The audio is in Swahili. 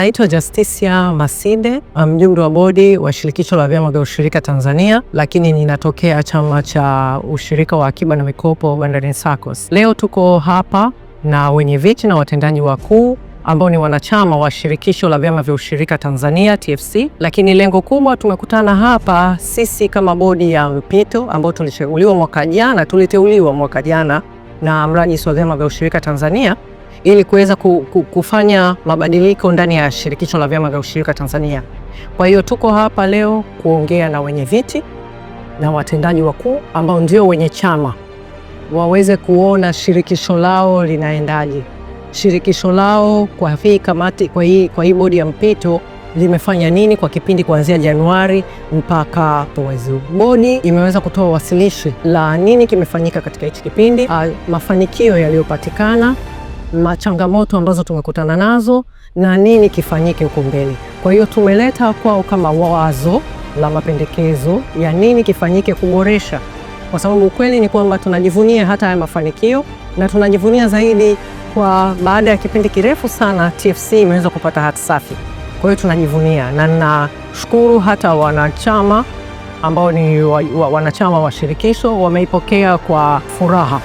Naitwa Justicia Masinde, mjumbe wa bodi wa shirikisho la vyama vya ushirika Tanzania, lakini ninatokea chama cha ushirika wa akiba na mikopo Bandarini SACCOS. Leo tuko hapa na wenye viti na watendaji wakuu ambao ni wanachama wa shirikisho la vyama vya ushirika Tanzania TFC, lakini lengo kubwa tumekutana hapa sisi kama bodi ya mpito ambao tulichaguliwa mwaka jana, tuliteuliwa mwaka jana na mrajisi wa vyama vya ushirika Tanzania ili kuweza kufanya mabadiliko ndani ya shirikisho la vyama vya ushirika Tanzania. Kwa hiyo tuko hapa leo kuongea na wenye viti na watendaji wakuu ambao ndio wenye chama waweze kuona shirikisho lao linaendaje, shirikisho lao kwa hii kamati, kwa hii, kwa hii bodi ya mpito limefanya nini kwa kipindi kuanzia Januari mpaka mwezi huu. Bodi imeweza kutoa wasilishi la nini kimefanyika katika hichi kipindi, ah, mafanikio yaliyopatikana machangamoto ambazo tumekutana nazo na nini kifanyike huko mbele. Kwa hiyo tumeleta kwao kama wazo la mapendekezo ya nini kifanyike kuboresha, kwa sababu ukweli ni kwamba tunajivunia hata haya mafanikio na tunajivunia zaidi kwa baada ya kipindi kirefu sana TFC imeweza kupata hati safi. Kwa hiyo tunajivunia na nashukuru hata wanachama ambao ni wa, wa, wanachama wa shirikisho wameipokea kwa furaha.